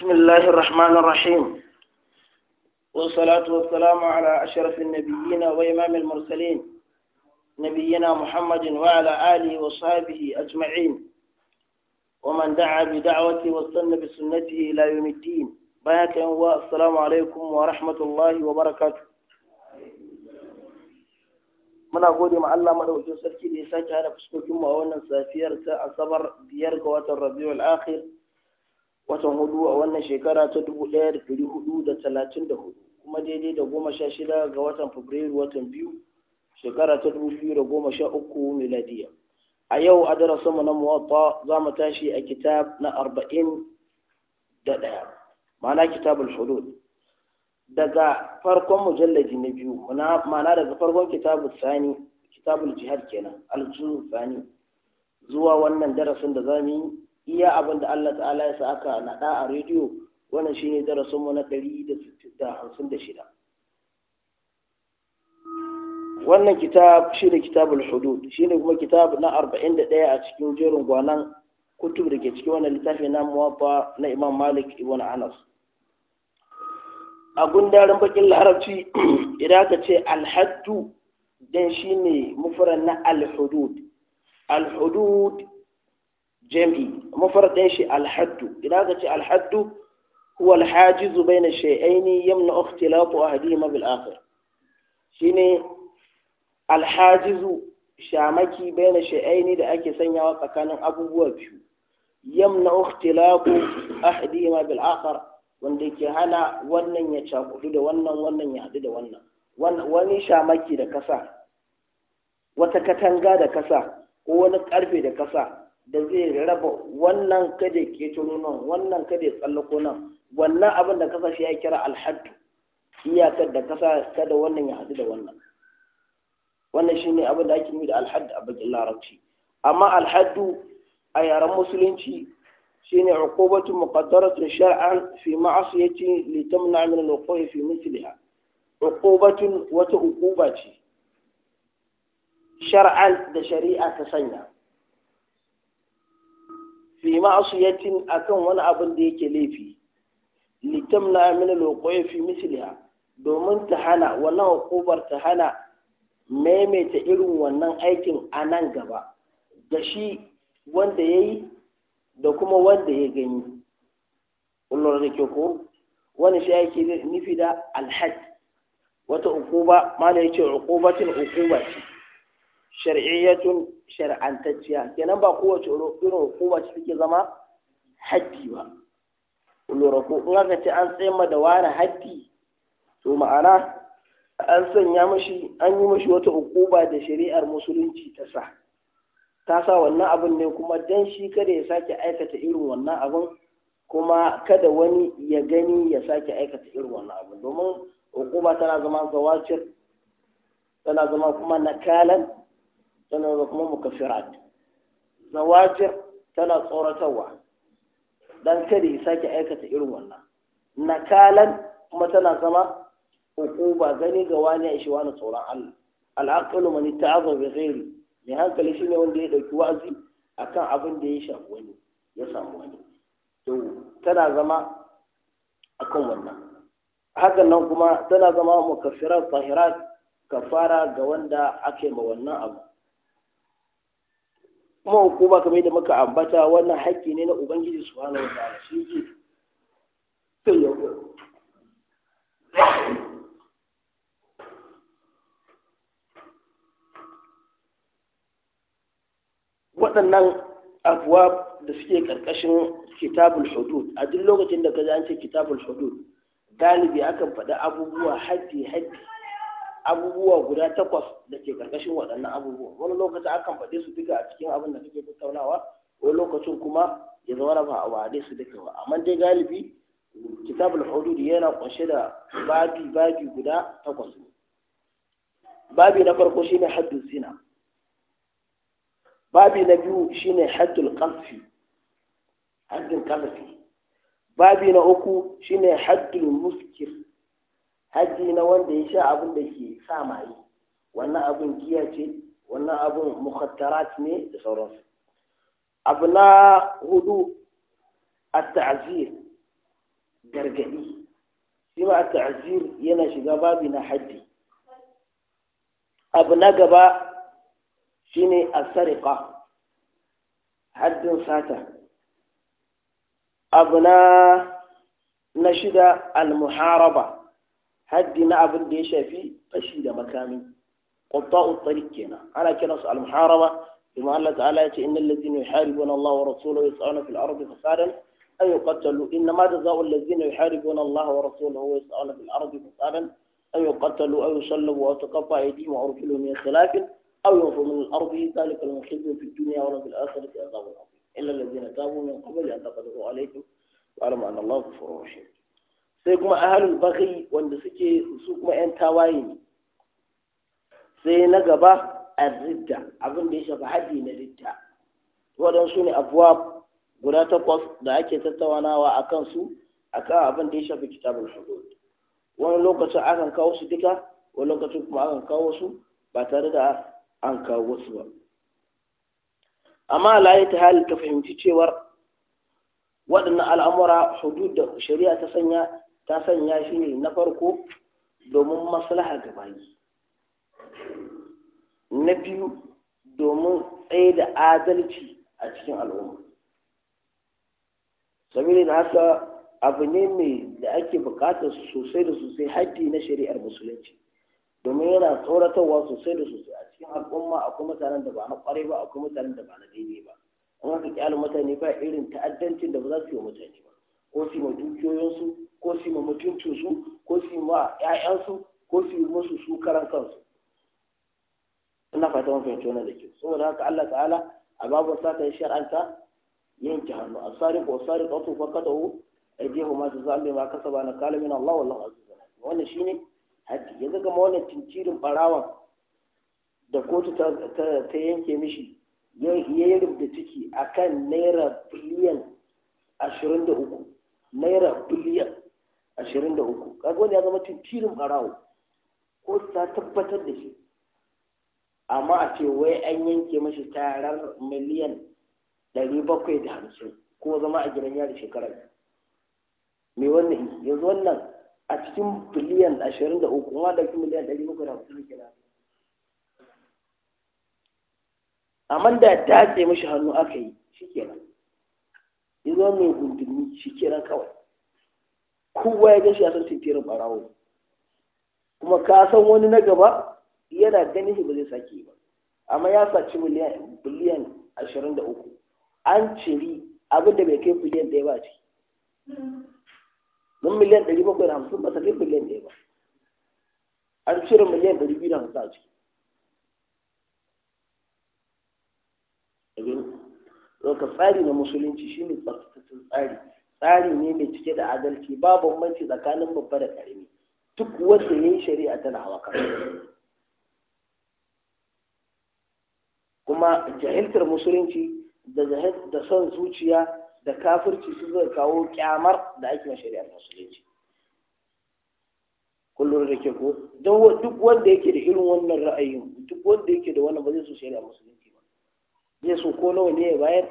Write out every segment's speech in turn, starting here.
بسم الله الرحمن الرحيم والصلاة والسلام على أشرف النبيين وإمام المرسلين نبينا محمد وعلى آله وصحبه أجمعين ومن دعا بدعوته واستنى بسنته إلى يوم الدين هو والسلام عليكم ورحمة الله وبركاته من أقول مع الله madaukakin sarki da ya sake hada fuskokin سافير a wannan safiyar ta asabar watan hudu a wannan shekara ta dubu ɗaya da ɗari hudu da talatin da hudu kuma daidai da goma sha shida ga watan fabrairu watan biyu shekara ta dubu biyu da goma sha uku miladiya a yau a darasin mu na muwatta za mu tashi a kitab na arba'in da ɗaya ma'ana kitabul hudud daga farkon mujallaji na biyu ma'ana daga farkon kitabul sani kitabul jihad kenan al sani zuwa wannan darasin da za mu yi iya abin da Allah ta'ala ya sa aka naɗa a rediyo wannan shine darasin mu na ɗari da hamsin da shida wannan kitab al kitabul hudud shine kuma kitab na arba'in da ɗaya a cikin jerin gwanan kutub da ke cikin wannan littafi na muwafa na imam malik ibn anas a gundarin bakin larabci idan aka ce alhaddu dan shine mufran na al alhudud jam'i mafarad ɗin shi alhaddu ina ga ce alhaddu huwa alhajizu bayna shay'aini yamna ikhtilatu ahadihima bil akhar shine alhajizu shamaki bayna shay'aini da ake sanyawa tsakanin abubuwa biyu yamna ikhtilatu ahadihima bil akhar wanda ke hana wannan ya cakudu da wannan wannan ya haɗu da wannan wani shamaki da kasa wata katanga da kasa ko wani karfe da kasa da zai raba wannan kada ke turo nan wannan kada ya tsallako nan wannan abin da kasa shi ya kira alhaddu iyakar da kasa kada wannan ya haɗu da wannan wannan ne abin da ake yi da alhaddu a bakin larabci amma alhaddu a yaren musulunci shine uqubatu muqaddaratun shari'an fi ma'asiyati litam na amina na kawai fi mithliha uqubatun wata uquba ce shari'an da shari'a ta sanya fi ma'asiyatin akan wani abin da yake laifi litamna min alwaqi fi misliha domin ta hana wannan hukumar ta hana maimaita irin wannan aikin a nan gaba da shi wanda yayi da kuma wanda ya gani kullum da ke ko wani shi yake nufi da alhaji wata hukuma mana ce hukumatin hukuma ce shar'iyyatun shar'antacciya kenan ba kowace irin hukuma ce take zama haddi ba lura ko in aka ce an tsayma da wani haddi to ma'ana an sanya mashi an yi mashi wata hukuma da shari'ar musulunci ta sa ta sa wannan abin ne kuma dan shi kada ya sake aikata irin wannan abin kuma kada wani ya gani ya sake aikata irin wannan abin domin hukuma tana zama zawacir tana zama kuma nakalan sannan ga kuma mukaffirat Zawajir tana tsoratarwa dan kada ya sake aikata irin wannan nakalan kuma tana zama hukuba gani ga wani ya shi wani tsoron Allah al'aqlu man ta'azza bi ghairi ne hankali shine wanda ya dauki wa'azi akan abin da ya shafi wani ya samu wani to tana zama akan wannan hakan nan kuma tana zama mukaffirat tahirat kafara ga wanda ake ma wannan abu kuma hukuma kamar yadda muka ambata wannan haƙƙi ne na ubangiji su hana subhanahu wataala shi yake waɗannan abuwa da suke ƙarƙashin kitabul hudud a duk lokacin da ka ji an ce kitabul hudud galibi akan faɗi abubuwa haddi haddi abubuwa guda takwas da ke karkashin waɗannan abubuwa wani lokaci akan faɗe su duka a cikin abin da kake tattaunawa wani lokacin kuma ya zama ba a waɗe su duka ba amma dai galibi kitabul hudud yana kunshe da babi babi guda takwas babi na farko shine haddul zina babi na biyu shine haddul qazfi haddul qazfi babi na uku shine haddul muskir hajji na wanda ya sha abin da ke sa maye wannan abin giya ce wannan abin mukhattarat ne da sauransu abu na hudu a ta'azir gargadi shi ma a ta'azir yana shiga babi na haji abu na gaba shine a sarika haddin sata abu na shida al-muharaba haddi na abin في ya مكامي fashi الطريق كنا على tariq kenan ana kiransu al-muharaba bima Allah ta'ala ya ce innal ladzina yuharibuna Allah أن يقتلوا إنما جزاء الذين يحاربون الله ورسوله ويسعون في الأرض فسادا أن يقتلوا أو يصلبوا أو تقطع أيديهم وأرجلهم من خلاف أو ينفوا من الأرض ذلك لمن في الدنيا ولا في الآخرة عذاب عظيم إلا الذين تابوا من قبل أن تقدروا عليكم واعلموا أن الله غفور رحيم sai kuma ahalul baghi wanda suke su kuma yan tawaye ne sai na gaba arridda abin da ya shafi haddi na ridda waɗansu ne abuwa guda takwas da ake tattaunawa a kansu a kan abin da ya shafi kitabul hudud wani lokacin akan kawo su duka wani lokacin kuma aka kawo su ba tare da an kawo su ba amma layi ta hali ta fahimci cewar waɗannan al'amura hudud da shari'a ta sanya ta sanya shi ne na farko domin maslaha ga bayi na biyu domin tsaye da adalci a cikin al'umma saboda da haka abu ne mai da ake bukatar sosai da sosai haddi na shari'ar musulunci domin yana tsoratarwa sosai da sosai a cikin al'umma akwai mutanen da ba na kwarai ba akwai mutanen da ba na daidai ba in aka kyale mutane ba irin ta'addancin da ba za su yi wa mutane ba ko su yi dukiyoyinsu ko su ma mutuncinsu ko su ma 'ya'yansu ko su yi musu su karan kansu ina fata mun fahimci wannan da ke saboda haka Allah ta'ala a babu sata ya shar'anta yanke hannu a sari ko sari ko to fakata hu ajihu ma su tazalli ma kasaba na kala Allah wallahu azza wannan shine haji yanzu ga wannan tinkirin barawan da kotu ta yanke mishi ya yi rubuta ciki akan naira biliyan 23 naira biliyan ashirin da uku kaga wani ya zama tintirin barawo ko ta tabbatar da shi amma a ce wai an yanke mashi tarar miliyan ɗari bakwai da hamsin ko zama a gidan yari shekarar me wannan yanzu wannan a cikin biliyan ashirin da uku ma da miliyan ɗari bakwai da hamsin kenan amma da dace mashi hannu aka yi shi kenan yanzu wannan gundumi shi kenan kawai kowa ya gan shi ya san tintirin barawo kuma ka san wani na gaba yana ganin shi ba zai sake ba amma ya saci biliyan ashirin da uku an ciri abin da bai kai biliyan ɗaya ba ciki mun miliyan ɗari bakwai da hamsin ba ta kai biliyan ɗaya ba an cire miliyan ɗari biyu da hamsin a ciki ɗauka tsari na musulunci shi ne tsari tsari ne mai cike da adalci ba bambanci tsakanin babba da ƙarami duk wanda ya yi shari'a tana hawa kuma jahiltar musulunci da son zuciya da kafirci su zai kawo kyamar da ake ma shari'ar musulunci kullum da ke ko don duk wanda yake da irin wannan ra'ayin duk wanda yake da wannan ba zai so shari'ar musulunci ba zai so ko nawa ne ya bayar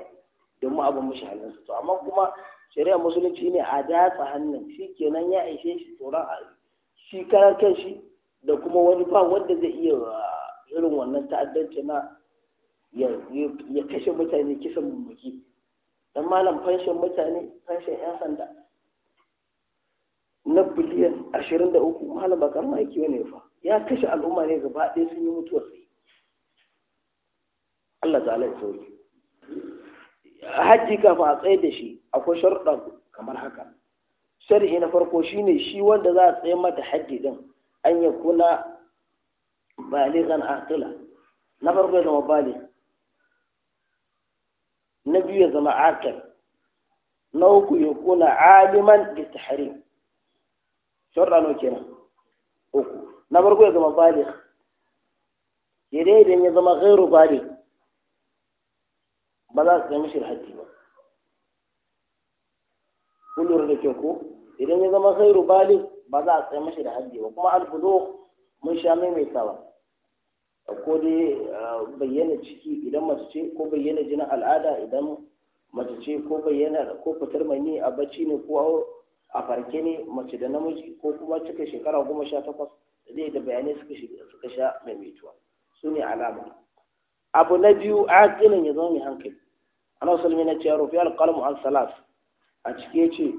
domin abin mashi halinsa to amma kuma shari'a musulunci ne a datsa hannun shi kenan ya aishe shi tsoron shi karan kan da kuma wani ba wanda zai iya ah, irin wannan ta'addanci na ya kashe mutane kisan mummuki dan malam fanshin mutane fanshin yan sanda na biliyan ashirin da uku malam bakar maiki wani fa ya kashe al'umma ne gaba ɗaya sun yi mutuwar sai Allah ta'ala ya hajji kafin a tsaye da shi akwai sharɗa kamar haka sharhi na farko shine shi wanda za a tsaye mata hajji din an ya kuna baligan aqila na farko ya zama bali na biyu ya zama aqil na uku ya kuna aliman bi tahrim sharɗa nawa kenan uku na farko ya zama balig idan ya zama ghairu bali. ba za su kai haddi ba kullum da ke ko idan ya zama khairu bali, ba za a tsaye mashi da haddi ba kuma alfudo mun sha maimaitawa ko dai bayyana ciki idan mace ce ko bayyana jinin al'ada idan mace ce ko bayyana ko fitar mani a bacci ne ko a farke ne mace da namiji ko kuma cika shekara goma sha takwas zai da bayanai suka sha mai maimaituwa su ne alama abu na biyu a ya zama mai hankali ana musulmi na cewa rufi alƙalmu an salas a cike ce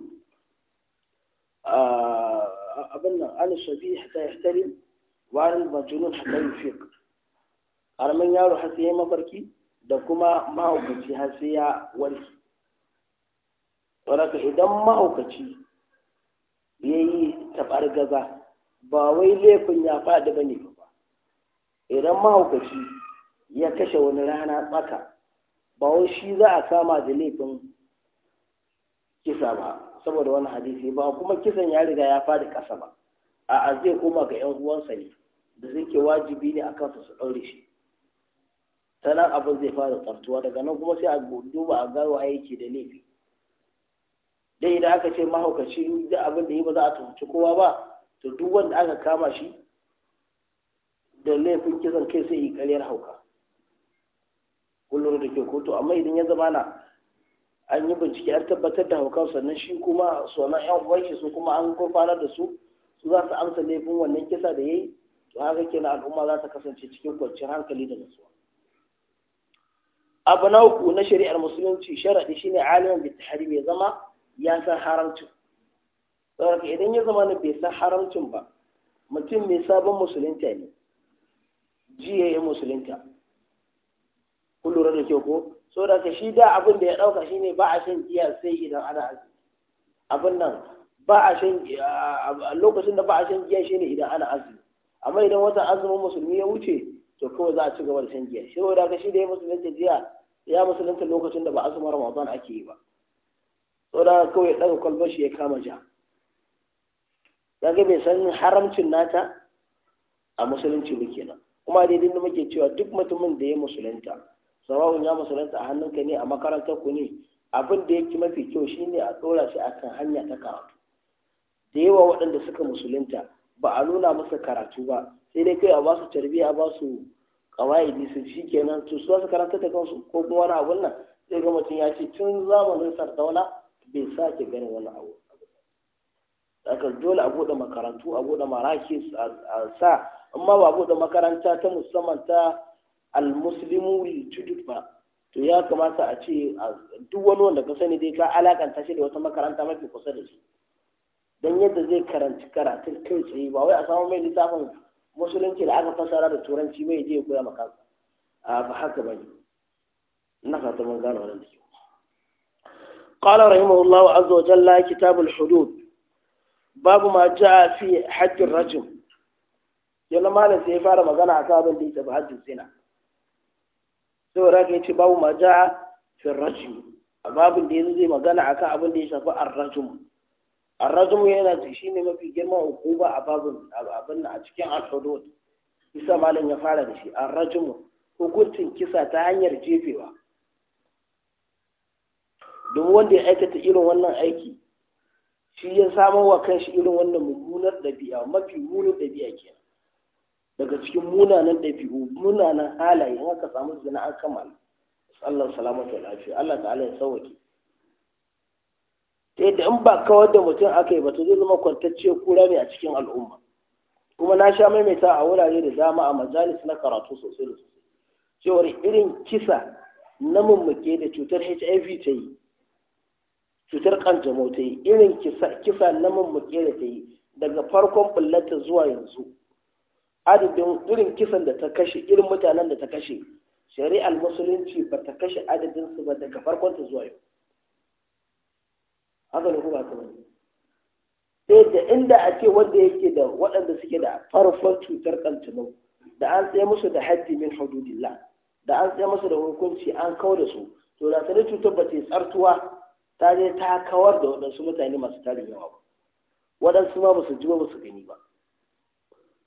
abin nan an shafi hatta ya warin bajunun hatta yi fiƙ ƙaramin yaro har sai ya mafarki da kuma mahaukaci har ya warki wadaka idan mahaukaci ya yi taɓar gaza ba wai laifin ya faɗi ba ne ba idan mahaukaci ya kashe wani rana tsaka ba wai shi za a kama da laifin kisa ba saboda wani hadisi ba kuma kisan ya riga ya fadi kasa ba a zai koma ga yan uwansa ne da zai wajibi ne a kansa su ɗaure shi ta abin zai fara tsartuwa daga nan kuma sai a duba a gawa yake da laifi dai idan aka ce mahaukaci da abin da yi ba za a tuhunci kowa ba to duk wanda aka kama shi da laifin kisan kai sai yi karyar hauka kullum da ke kotu amma idan ya zama na an yi bincike an tabbatar da haukan sannan shi kuma sunan yan uwan shi su kuma an gurfanar da su su za su amsa laifin wannan kisa da yayi to haka na al'umma za ta kasance cikin kwanciyar hankali da nutsuwa abu na uku na shari'ar musulunci sharaɗi shine alimin bi tahrimi ya zama ya san haramcin saboda idan ya zama na bai san haramcin ba mutum mai sabon musulunta ne jiya ya musulunta kun lura da kyau ko so da ka shi da abin da ya dauka shine ba a shan giya sai idan ana azumi abin nan ba a shan lokacin da ba a shan giya shine idan ana azumi amma idan wata azumin musulmi ya wuce to kawai za a ci gaba da shan giya shi da ka shi da ya musulunta jiya ya musulunta lokacin da ba azumin ramadan ake yi ba so da kawai daga kwalbar shi ya kama ja kaga bai san haramcin nata a musulunci ba kenan kuma daidai da muke cewa duk mutumin da ya musulunta sawawun ya musulunta a hannunka ne a makarantar ku ne abin da yake mafi kyau shine a ɗora shi akan hanya ta karatu da yawa waɗanda suka musulunta ba a nuna masa karatu ba sai dai kai a ba su tarbiyya a ba su kawaidi su shi kenan su su karanta ta kansu ko kuma wani abun nan sai ga mutum ya ce tun zamanin sardauna bai sake ganin wani abu dole a buɗe makarantu a buɗe marakis a sa amma ba da makaranta ta musamman ta almuslimu wujud ba to ya kamata a ce duk wani wanda ka sani dai ka alakanta shi da wata makaranta mafi kusa da shi don yadda zai karanci karatun kai tsaye ba wai a samu mai littafin musulunci da aka fasara da turanci mai je koya maka a ba haka bane na fata mun gane wannan dake قال رحمه الله عز وجل كتاب الحدود باب ما جاء في حد الرجم yana malam sai ya fara magana a sabon da ba hajjin zina saboda ya ce babu ma ja'a fi rajm amma abin da yanzu zai magana akan abin da ya shafi ar-rajm yana rajm yana ne mafi girma hukuma a babin abin a cikin al isa malam ya fara da shi ar hukuncin kisa ta hanyar jefewa domin wanda ya aikata irin wannan aiki shi ya samo wa kanshi irin wannan mummunar ɗabi'a mafi munin ɗabi'a kenan daga cikin munanan ɗabi'u munanan halaye in aka samu zina an kammala Allah salamata ta lafiya Allah ta'ala ya sauwake ta yadda in ba kawar da mutum aka yi ba ta zai zama kwantacce kura ne a cikin al'umma kuma na sha maimaita a wurare da dama a majalis na karatu sosai da sosai cewar irin kisa na mummuke da cutar hiv ta yi cutar kanjamau ta yi irin kisa na mummuke da ta yi daga farkon bullata zuwa yanzu adadin irin kisan da ta kashe irin mutanen da ta kashe shari'ar musulunci ba ta kashe adadin su ba daga farkon ta zuwa yau haka ne kuma kuma sai da inda a ce wanda yake da waɗanda suke da farfar cutar kantinu da an tsaye musu da haddi min hududillah da an tsaye musu da hukunci an kawar da su to da sanin cutar ba ta yi tsartuwa ta je ta kawar da waɗansu mutane masu tarin yawa ba waɗansu ma ba su ji ba ba su gani ba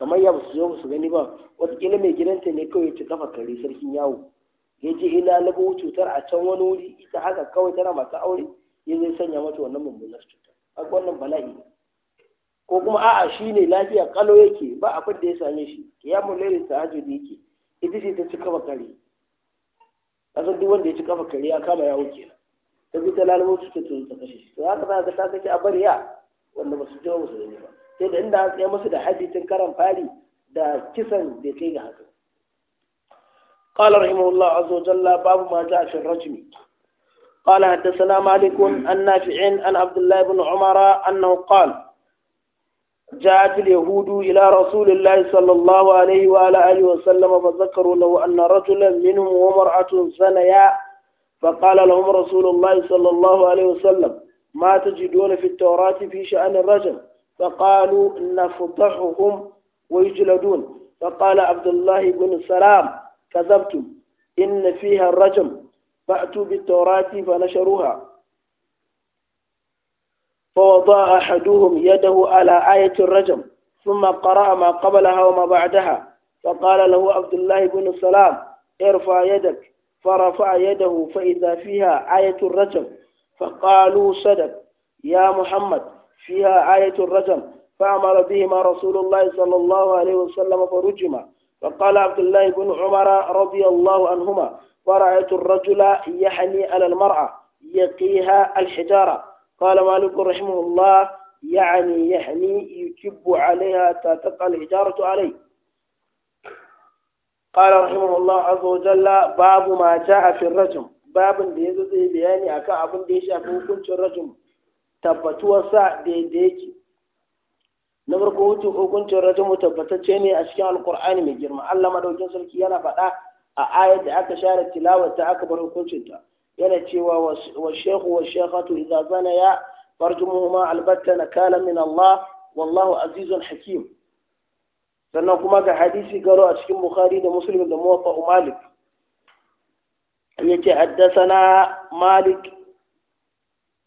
kamar ya basu zo su gani ba wataƙila mai gidanta ne kawai ci kafa kare sarkin yawo ya je ila labo cutar a can wani wuri ita haka kawai tana masu aure ya zai sanya mata wannan mummunar cutar haka wannan bala'i ne ko kuma a'a shi ne lafiya kalo yake ba abin da ya same shi ya mulai ta ajiyar yake ita ce ta ci kafa kare kasan duk wanda ya ci kafa kare ya kama yawo kenan ta bi ta lalabo cutar ta kashe shi to haka za ka ta kashe a bariya wanda ba su jawo su ba sai da inda an tsaye musu da hadisin karan fari da kisan bai kai ga haka قال رحمه الله عز وجل باب ما جاء في الرجم قال حدثنا مالك عن نافع عن عبد الله بن عمر انه قال جاءت اليهود الى رسول الله صلى الله عليه وعلى اله وسلم فذكروا له ان رجلا منهم وامراه زنيا فقال لهم رسول الله صلى الله عليه وسلم ما تجدون في التوراة في شأن الرجم فقالوا نفضحهم ويجلدون فقال عبد الله بن سلام كذبتم إن فيها الرجم فأتوا بالتوراة فنشروها فوضع أحدهم يده على آية الرجم ثم قرأ ما قبلها وما بعدها فقال له عبد الله بن السلام ارفع يدك فرفع يده فإذا فيها آية الرجم فقالوا صدق يا محمد فيها آية الرجم فأمر بهما رسول الله صلى الله عليه وسلم فرجما فقال عبد الله بن عمر رضي الله عنهما ورأيت الرجل يحني على المرأة يقيها الحجارة قال مالك رحمه الله يعني يحني يكب عليها تتقى الحجارة عليه قال رحمه الله عز وجل باب ما جاء في الرجم باب da ya zo zai bayani akan abin da tabbatuwar sa daidai yake na farko hutun hukuncin rajamu tabbatacce ne a cikin alkur'ani mai girma allah madaukin sarki yana faɗa a ayar da aka share ta aka bar hukuncinta yana cewa wa shekhu wa shekhatu idza zana ya farjumuhuma albatta nakala min allah wallahu azizun hakim sannan kuma ga hadisi garo a cikin bukhari da muslim da muwaffa malik yake haddasa na malik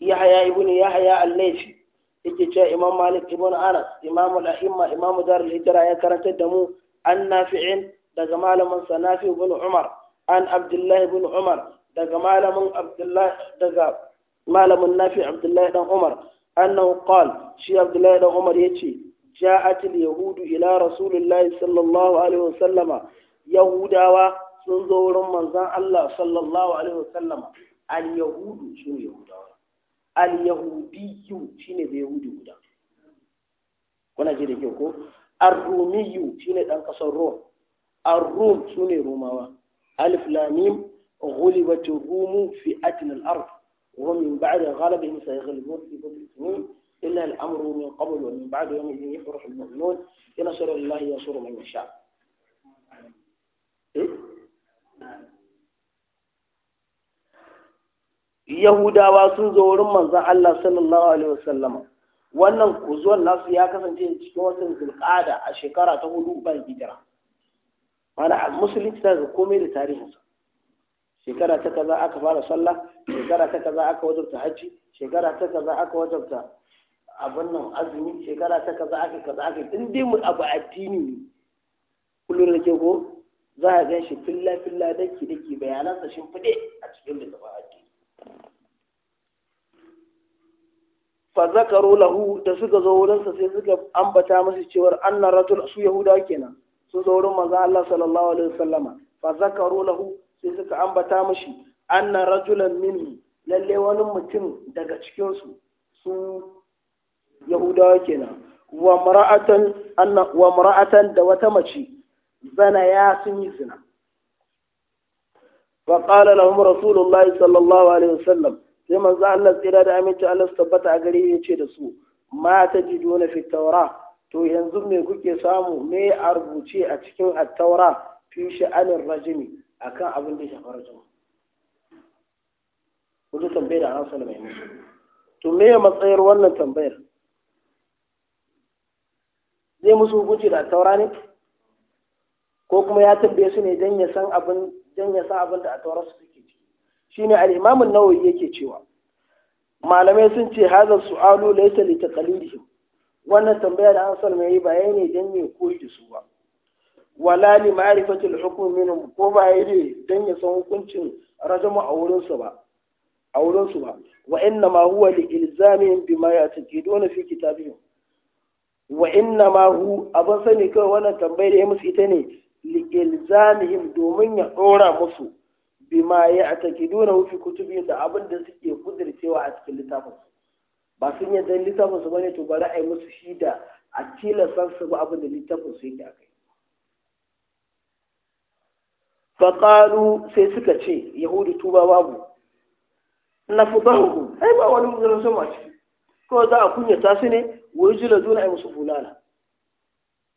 yahya ibn yahya al-laythi yake cewa imam malik ibn anas imam al-a'imma imam dar al-hijra ya karantar da mu an nafi'in daga malamin sanafi ibn umar an abdullah ibn umar daga malamin abdullah daga malamin dan umar annahu qala shi abdullah dan umar yace ja'at al-yahudu ila rasulillahi sallallahu alaihi wasallama yahudawa sun zo wurin manzon Allah sallallahu alaihi wasallama al-yahudu su yahudawa al-yahudiyu shine da yahudi guda kuna ji da kyau ko ar-rumiyu shine dan kasar rom ar-rum sune romawa alif lam mim ghulibat ar-rum fi atn al-ard wa min ba'd ghalabihim sayghlibun fi bitr al-sinin illa al-amru min qabl wa min ba'd yawmin yafrahu al-mu'minun ila sura allah yasuru man yasha' yahudawa sun zo wurin manzan Allah sallallahu alaihi wasallam wannan kuzuwan nasu ya kasance cikin watan zulƙada a shekara ta hudu bayan hijira mana musulunci ta zai komai da tarihinsa shekara ta kaza aka fara sallah shekara ta kaza aka wajabta hajji shekara ta kaza aka wajabta abin nan azumi shekara ta kaza aka kaza aka din dai mu abu addini ne kullum da ke ko za a gan shi filla filla daki daki bayanansa shin fide a cikin littafin fa zakaru lahu da suka zo wurinsa sai suka ambata masa cewar annar ratul su yahuda kenan sun zo wurin maza Allah sallallahu alaihi wasallama fa zakaru lahu sai suka ambata mashi annar rajulan min lalle wani mutum daga cikin su su yahudawa kenan wa mara'atan anna wa mara'atan da wata mace zana ya sun yi zina فقال qala lahum rasulullahi sallallahu alaihi wasallam sai manzo Allah tsira da aminci Allah su tabbata a gare ya ce da su ma ta ji dole fi taura to yanzu me kuke samu me a rubuce a cikin attaura fi sha'anin rajimi akan abin da ya shafi rajimi kudu tambayar da ansa mai musu to me ya matsayar wannan tambayar zai musu hukunci da attaura ne ko kuma ya tambaye su ne don ya san abin da a taura su shine al-imam an-nawawi yake cewa malamai sun ce hadha su'alu laysa li taqlidihim wannan tambaya da Hasan mai yi bayani dan ya koyi da su ba wala li ma'rifatil hukm minhum ko ba yi dan ya san hukuncin rajamu a wurin su ba a wurin su ba wa inna ma huwa li ilzamin bima yataqiduna fi kitabihim wa inna ma hu abin sani kawai wannan tambayar ya musu ita ne li ilzamihim domin ya dora musu bima ya dona wufi kutubi da abin da suke kudircewa a cikin littafin ba sun yadda littafin su bane to bari a yi musu shi da a san su ba abin da littafin su yake akai faƙalu sai suka ce yahudu tuba babu na fudahu ai ba wani mutum sama ce. ko za a kunyata su ne wai jila a musu bulala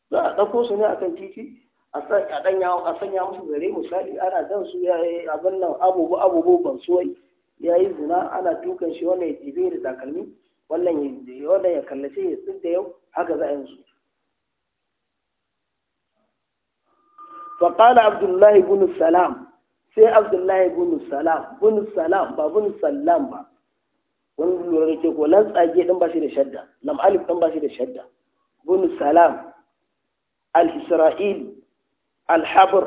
za a ɗauko su ne akan titi a sanya musu gare misali ana dan su ya yi abin nan abubu abubu ban suwai ya yi zina ana dukan shi wannan ya jibe da takalmi wannan ya kallace ya tsinta yau haka za a yi su فقال عبد الله salam sai سي عبد salam بن salam ba السلام salam ba wani lura da ke kolan tsage din ba shi da shadda lam alif ɗin ba shi da shadda bin salam al-isra'ili alhabir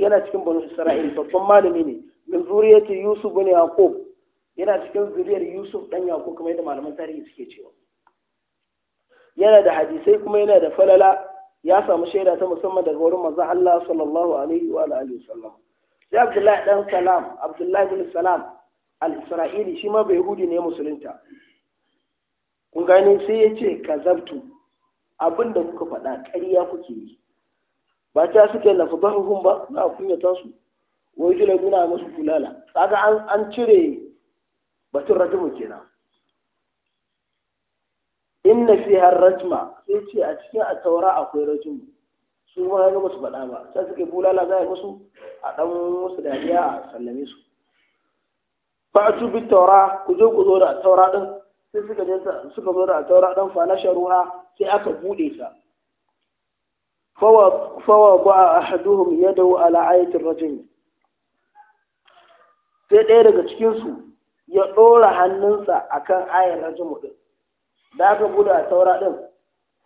yana cikin banu isra'il babban malami ne min zuriyati yusuf bin yaqub yana cikin zuriyar yusuf dan yaqub kamar yadda malaman tarihi suke cewa yana da hadisai kuma yana da falala ya samu shaida ta musamman daga wurin manzon Allah sallallahu alaihi wa alihi wasallam sai Abdullahi dan Salam Abdullahi bin Salam al-Isra'ili shi ma bai hudi ne musulunta kun gane sai ya ce kazabtu abinda kuka faɗa ƙarya kuke yi ba ta suke na fubahuhum ba na kunyata su wai jila guna musu bulala kaga an cire batun rajumu kenan inna har rajma sai ce a cikin a taura akwai rajimu su ma ga musu faɗa ba Ta suke bulala za a musu a dan musu dariya a sallame su Ba a bit taura ku zo ku zo da taura din sai suka zo da taura din fa na sharuha sai aka bude ta فوضع أحدهم يده على عاية الرجل sai ɗaya daga cikinsu ya ɗora hannunsa a kan ayar rajimu ɗin da aka buɗe a saura ɗin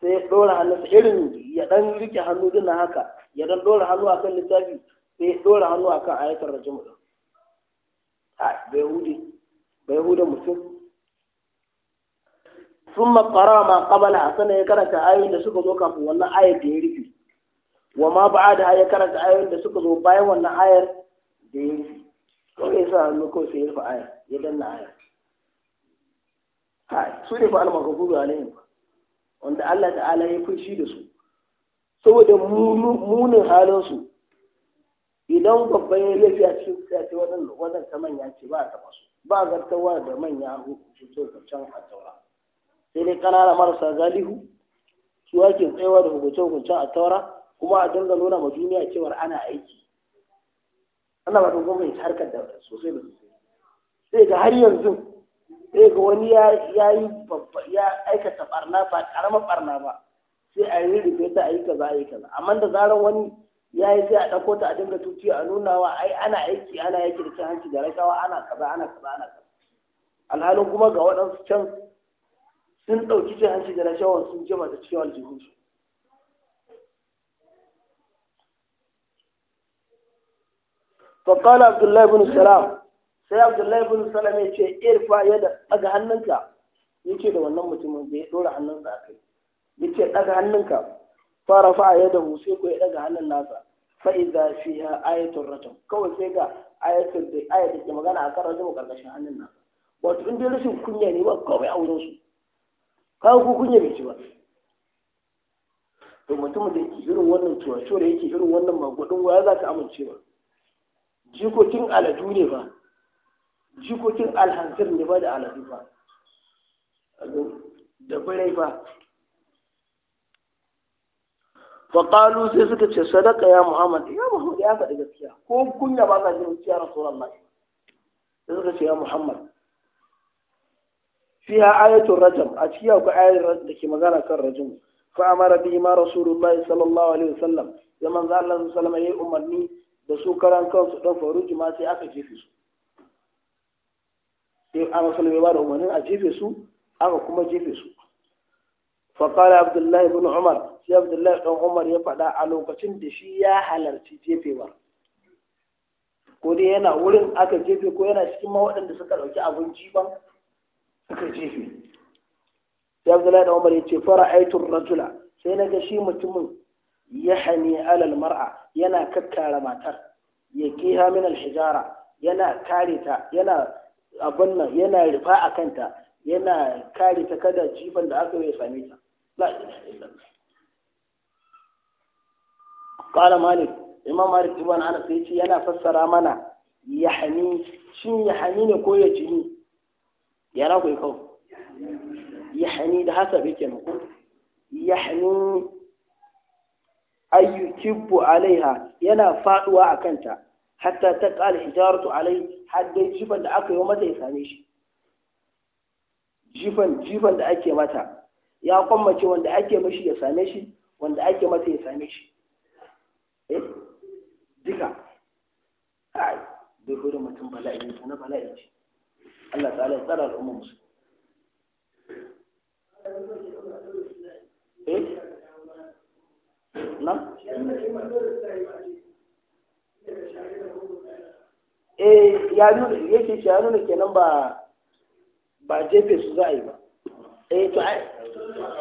sai ya ɗora hannunsa irin ya ɗan rike hannu ɗin na haka ya ɗan ɗora hannu a kan littafi sai ya ɗora hannu a kan ayatar rajimu ɗin a bai hude bai hude mutum sun makara ma kabala a sana ya karanta ayoyin da suka zo kafin wannan ayar da ya rufe wa ma ba'a da ya karanta ayoyin da suka zo bayan wannan ayar da ya yi kawai ya sa hannu kawai sai ya rufe ayar ya danna ayar ha su ne fa al-maghfuru alaihim wanda Allah ta'ala ya fushi da su saboda munin halin su idan babban ya laifi a cikin ya ce wannan ta manya ce ba a taba su ba a zartarwa da manya hukunci ta can a taura sai dai kanana marasa galihu su ake tsayawa da hukunci a taura kuma a dinga nuna ma duniya cewar ana aiki ana ba kuma mai harkar da sosai da sosai sai ga har yanzu sai ga wani ya yi ya aikata barna ba karamar barna ba sai a yi rufe ta a yi kaza a yi kaza amma da zarar wani ya yi sai a ɗauko ta a dinga tuci a nuna wa ai ana aiki ana aiki da cin hanci da rakawa ana kaza ana kaza ana kaza alhalin kuma ga waɗansu can sun ɗauki cin hanci da rashawa sun jima da cikin aljihunsu فقال عبد الله بن السلام sai abdullahi bin salam ya ce irfa ya daga hannunka ya ce da wannan mutumin da ya ɗora hannunsa a kai ya ce daga hannunka fara fa'a ya dahu sai ko ya daga hannun nasa fa'iza fi ha ayatul rajam kawai sai ga ayatul da ayatul ke magana a kan rajam karkashin hannun na, wato in dai rashin kunya ne ba kawai a wurin su kawo ku kunya bai ci ba to mutumin da yake irin wannan tuwa cuwa da yake irin wannan magudin waya za ka amince jikokin aladu ne ba jikokin alhansir ne ba da aladu ba da birai ba faƙalu sai suka ce sadaka ya muhammad ya muhammad ya faɗi gaskiya ko kunya ba ka jin ciya rasulullah sai suka ce ya muhammad fiha ayatul rajam a cikin akwai ayar da ke magana kan rajam fa amara bihi ma rasulullahi sallallahu alaihi wasallam zaman Allah sallallahu alaihi wasallam yi umarni da su karan kansu dan faru ma sai aka jefe su sai an musulmi ba da umarnin a jefe su aka kuma jefe su فقال Abdullahi bin Umar, sai Abdullahi عبد Umar ya faɗa a lokacin da shi ya halarci jefewar ko dai yana wurin aka jefe ko yana cikin ma waɗanda suka ɗauki abin jiban suka jefe Sai Abdullahi da Umar ya ce fara aitur rajula sai na ga shi mutumin ya hani alal mar'a yana kakkara matar ya kiha min alhijara yana kare ta yana abin nan yana rufa a kanta yana kare ta kada jifan da aka yi same ta la ilaha qala malik imam malik ibn anas yace yana fassara mana ya hani shin ya hani ne ko ya jini ya rago ko ya hani da hasa bake ko ya hani kibbu alaiha yana faduwa a kanta hatta ta ƙara hijaratu alai har dai jifan da aka yi mata ya same shi jifan jifan da ake mata ya kwammace wanda ake mashi ya same shi wanda ake mata ya same shi eh duka ai duk wurin mutum bala'i ne sana bala'i ce Allah ta'ala ya tsara al'ummar musu nan? eh ya nuna yake ce ya nuna kenan ba ba jefe su za a yi ba eh to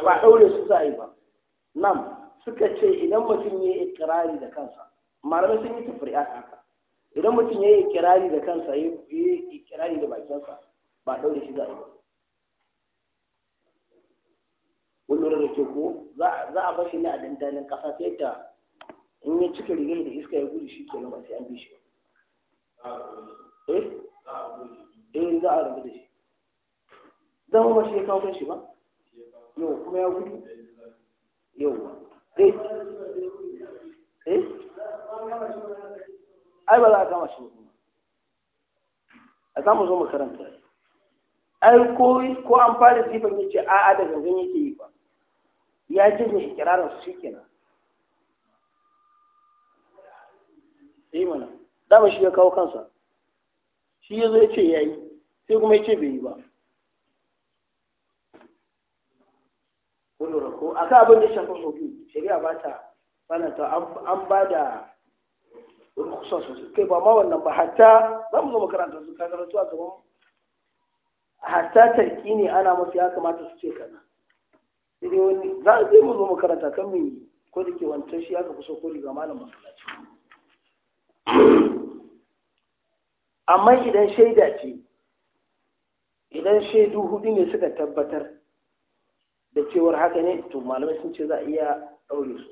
ba daure su za a yi ba Nam suka ce idan mutum ya yi ikirari da kansa malamai sun yi tafari a haka idan mutum ya yi ikirari da kansa ya yi ikirari da bakinsa ba daure shi za a yi ba ya ke ko za a bashi ne a dandalin kasa sai ta in ya cika rigar da iska ya gudu shi ke nan ba sai an bi shi eh eh za a rabu da shi Za ba shi ya kawo shi ba yau kuma ya gudu yau eh eh ai ba za a kama shi ba a za mu zo makaranta ai ko ko an fara sifan ya ce a'a da gangan yake yi ba ya janye ikirarin su shikenan yi eh mana dama shi ya kawo kansa shi ya zo ya ce ya yi sai kuma ya ce bai yi ba kulura A ka abin da shafi hobi shari'a ba ta bana ta an ba da rukusa sosai kai ba ma wannan ba hatta za mu zo makaranta su kakarantuwa a gaban hatta tarki ne ana masu ya kamata su ce kana sai wani za a zai mu zo makaranta kan mu ko da ke wancan shi aka kusa ko riga malam masallaci amma idan shaida ce idan shaidu hudu ne suka tabbatar da cewar haka ne to malamai sun ce za a iya ɗaure su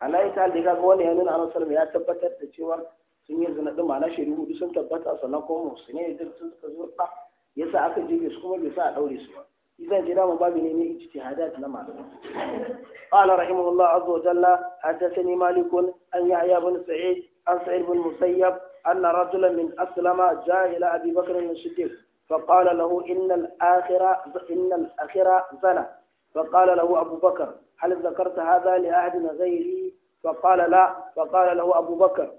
alayi ta da kaga wani ya nuna annabi sallallahu ya tabbatar da cewar sun yi zina din ma'ana shaidu hudu sun tabbata sannan kuma musu ne duk sun suka zo ah, ya sa aka je su kuma bai sa a ɗaure su ba إذا جرام باب من اجتهادات لما قال رحمه الله عز وجل حدثني مالك أن يحيى بن سعيد عن سعيد بن المسيب أن رجلا من أسلم جاء إلى أبي بكر الصديق فقال له إن الآخرة إن الآخرة زنا فقال له أبو بكر هل ذكرت هذا لأحد غيري فقال لا فقال له أبو بكر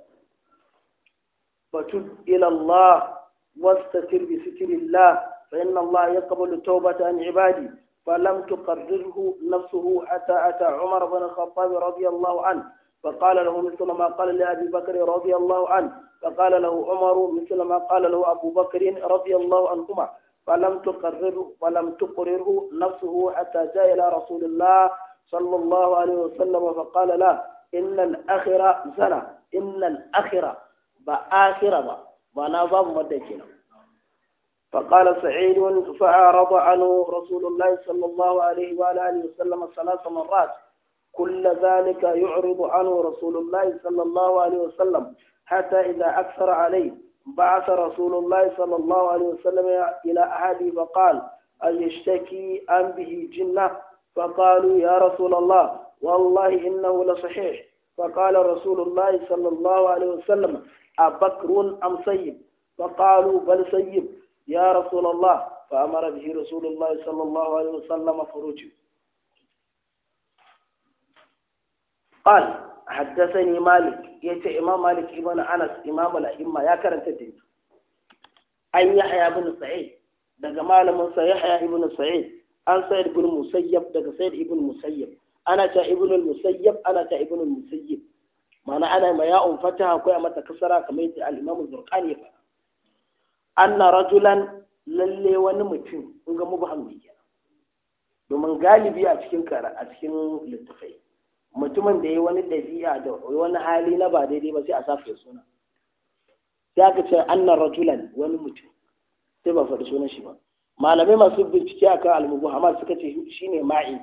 فتب إلى الله واستتر بستر الله فإن الله يقبل توبة عن عباده فلم تقرره نفسه حتى أتى عمر بن الخطاب رضي الله عنه فقال له مثل ما قال لأبي بكر رضي الله عنه فقال له عمر مثل ما قال له أبو بكر رضي الله عنهما فلم تقرره فلم تقرره نفسه حتى جاء إلى رسول الله صلى الله عليه وسلم فقال له إن الآخرة زنا إن الآخرة بآخرة ba na babu madda kenan فقال سعيد فأعرض عنه رسول الله صلى الله عليه وآله وسلم ثلاث مرات كل ذلك يعرض عنه رسول الله صلى الله عليه وسلم حتى إذا أكثر عليه بعث رسول الله صلى الله عليه وسلم إلى أحد فقال أن يشتكي أم به جنة فقالوا يا رسول الله والله إنه لصحيح فقال رسول الله صلى الله عليه وسلم أبكر أم سيب فقالوا بل سيب يا رسول الله فأمر به رسول الله صلى الله عليه وسلم فروجه قال حدثني مالك يتي إمام مالك ابن أنس إمام الأئمة يا كرنت الدين أن يحيى بن سعيد daga malamin sa Yahya ibn Sa'id an Sa'id ibn Musayyab daga Sa'id ibn Musayyab ana ta ibn Musayyab ana ibn Musayyib ma'ana ana ma ya fataha ko mata kasara kamar yadda al-Imam anna rajulan lalle wani mutum in ga mubham ne domin galibi a cikin kara a cikin littafai mutumin da ya wani dabi'a da wani hali na ba daidai ba sai a safe suna sai aka ce anna rajulan wani mutum sai ba faɗi sunan shi ba malamai masu bincike akan almubu hama suka ce shine ma'iz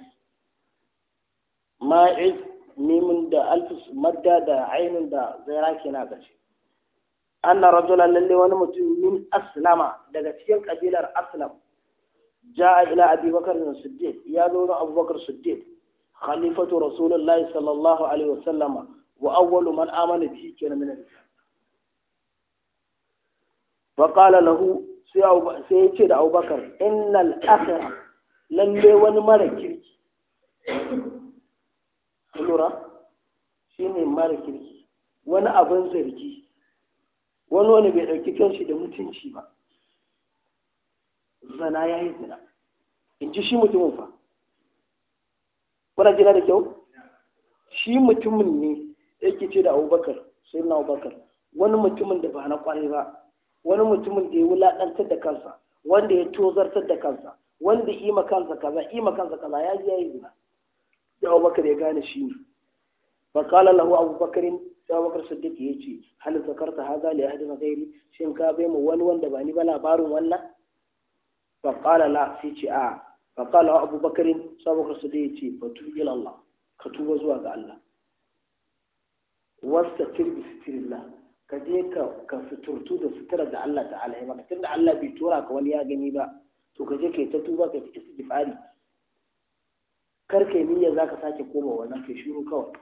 ma'iz mimin da alfus madda da ainihin da zaira kenan a ƙarshe anna rajulan lalle wani mutum min aslama daga cikin kabilar aslam ja'a ila abi bakar siddiq ya zo ga abubakar siddiq khalifatu rasulullahi sallallahu alaihi wasallama wa awwalu man amana bihi kana min al-islam fa qala lahu sai ya ce da abubakar innal akhira lalle wani mara kirki lura shine mara kirki wani abin zargi wani wani bai ɗauki kanshi da mutunci ba zana ya yi zina in ji shi mutumin fa kuna jina da kyau shi mutumin ne yake ce da abubakar sai na abubakar wani mutumin da ba na kwari ba wani mutumin da ya wulaɗantar da kansa wanda ya tozartar da kansa wanda ima kansa kaza ima kansa kaza ya ji ya yi zina da abubakar ya gane shi ne فقال له lahu abubakarin Abubakar Siddiq ya ce hal zakarta hadha li ahadin ghairi shin ka bai mu wani wanda ba ni ba labarin wannan fa qala la sai ce a fa qala abubakar Bakar Abubakar Siddiq ya ce fatu ila Allah ka tuba zuwa ga Allah wasta sitirin sitirillah ka je ka ka da sutura da Allah ta'ala ya maka tunda Allah bai tura ka wani ya gani ba to ka je ka yi ta tuba ka ta istighfari kar kai niyya zaka sake koma wannan kai shiru kawai